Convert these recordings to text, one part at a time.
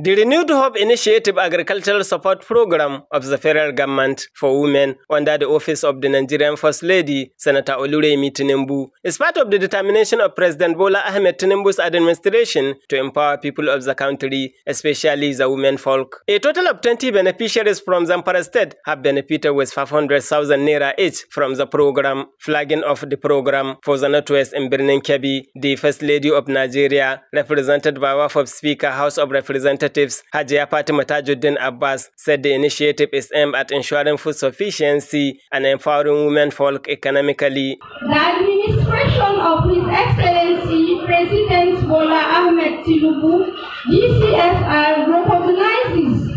The renewed Hope Initiative Agricultural Support Program of the federal government for women under the office of the Nigerian First Lady, Senator Oluremi Tinubu, is part of the determination of President Bola Ahmed Tinubu's administration to empower people of the country, especially the women folk. A total of 20 beneficiaries from Zamfara State have benefited with 500,000 naira each from the program. Flagging off the program for the Northwest in Birnin Kebbi, the First Lady of Nigeria, represented by of Speaker, House of Representatives, Representatives Fatima Tajuddin Abbas said the initiative is aimed at ensuring food sufficiency and empowering women folk economically. The administration of His Excellency President Bola Ahmed Tinubu, DCFR, recognizes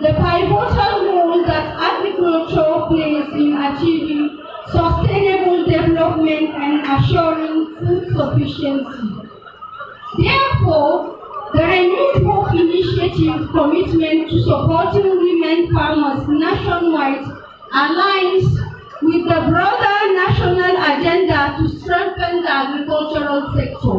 the pivotal role that agriculture plays in achieving sustainable development and assuring food sufficiency. Therefore, the renewal. Initiative commitment to supporting women farmers nationwide aligns with the broader national agenda to strengthen the agricultural sector.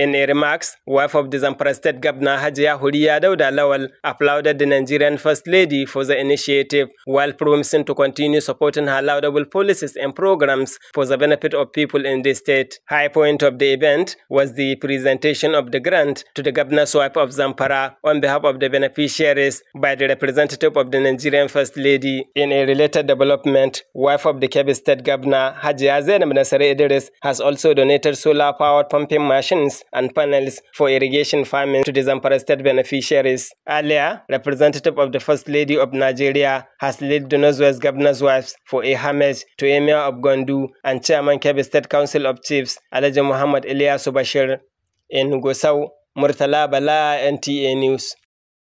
In a remarks, wife of Zamfara State Governor Hajiya Huriya Dauda Lawal applauded the Nigerian First Lady for the initiative while promising to continue supporting her laudable policies and programs for the benefit of people in the state. High point of the event was the presentation of the grant to the Governor's wife of Zamfara on behalf of the beneficiaries by the representative of the Nigerian First Lady. In a related development, wife of the Kebbi State Governor Hajiya Zainab Nasare Idris has also donated solar-powered pumping machines and panels for irrigation farming to disinterested beneficiaries. Earlier, representative of the First Lady of Nigeria has led the Northwest Governor's Wives for a homage to Emir of Gondu and Chairman Kebbi State Council of Chiefs, Alhaji Muhammad Elias Bashir. In gosau Murtala Bala, NTA News.